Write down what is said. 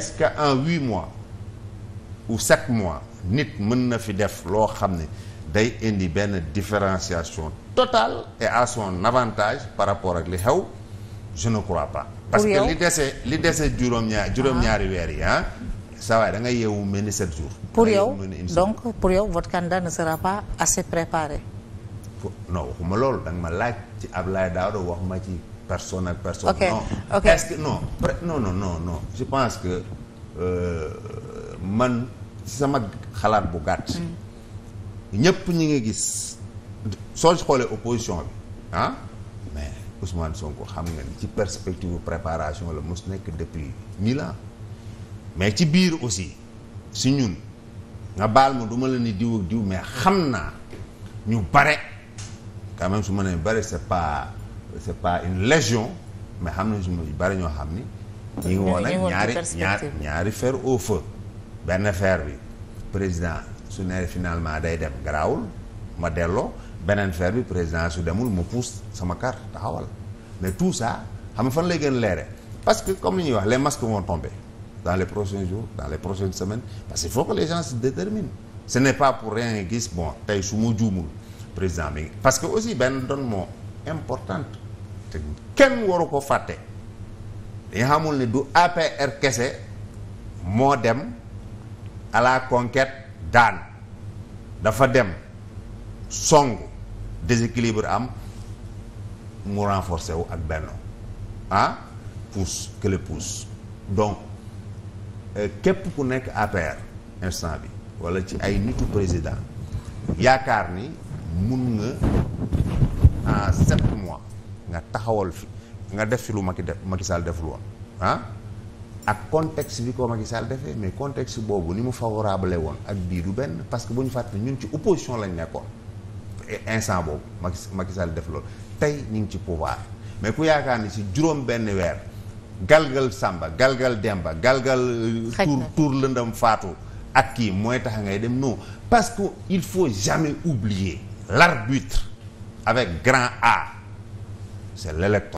est-ce que en huit mois ou sept mois nit mën na fi def loo xam ne day indi benn différenciation totale et à son avantage par rapport ak li xew je ne crois pas parce que li dese li dese juróom-ñaar ah. juróom-ñaari weer yi ah ça da nga yeewu mel ni sept jours pour yow donc pour yow votre candidat pas assez préparé non waxuma loolu da ma laaj ci Abdoulaye Daouda wax waxuma ci personne ak personne. Okay. non okay. est-ce que no non non je pense que euh, man sama xalaat bu gàtt. ñëpp ñi nga gis soo xoolee opposition bi ah mais soo Sonko xam nga ni ci perspective préparation la mos nekk depuis mille ans mais ci biir aussi si ñun nga baal ma du ma la ni diw ak diw mais xam naa ñu bare quand même su ma nee bare c'est pas. c'est pas une légion mais xam nañu ñu bari ñoo xam ni. ñu ngi woon ak ñaari ñaari ñaari fer au feu. benn fer bi président su ne finalement day dem garaawul ma delloo beneen fer bi président su demul ma pousse sama kar taxawal mais tout ça xam nga fan lay gën leere parce que comme li ñuy wax les masques vont tomber dans les prochains jours dans les prochaines semaine parce qu'il faut que les gens se déterminent ce pas pour rien gis bon tey su ma juumul président bi parce que aussi benn doon importante kenn waru ko fàtte dañu xamul ne du APR kese moo dem à la conquête daan dafa dem song déséquilibre am mu renforcer wu ak benno ah pousse que le pousse donc euh, képp ku nekk APR instant bi wala ci ay nitu président yaakaar ni mun nga en sept mois nga taxawal fi nga def si lu Macky def Macky Sall deful woon ah ak contexte bi ko Macky Sall defee mais contexte boobu ni mu favorable woon ak bii du benn parce que bu ñu fàttali ñun ci opposition lañu nekkoon instant boobu Macky Macky Sall def loolu tey ñu ngi ci pouvoir mais ku yaakaar ni si juróom benn weer galgal sàmba galgal Demba galgal tour tour lëndam faatu ak kii mooy tax ngay dem non parce que il faut jamais oublier l'arbitre avec grand A c'est l'électorat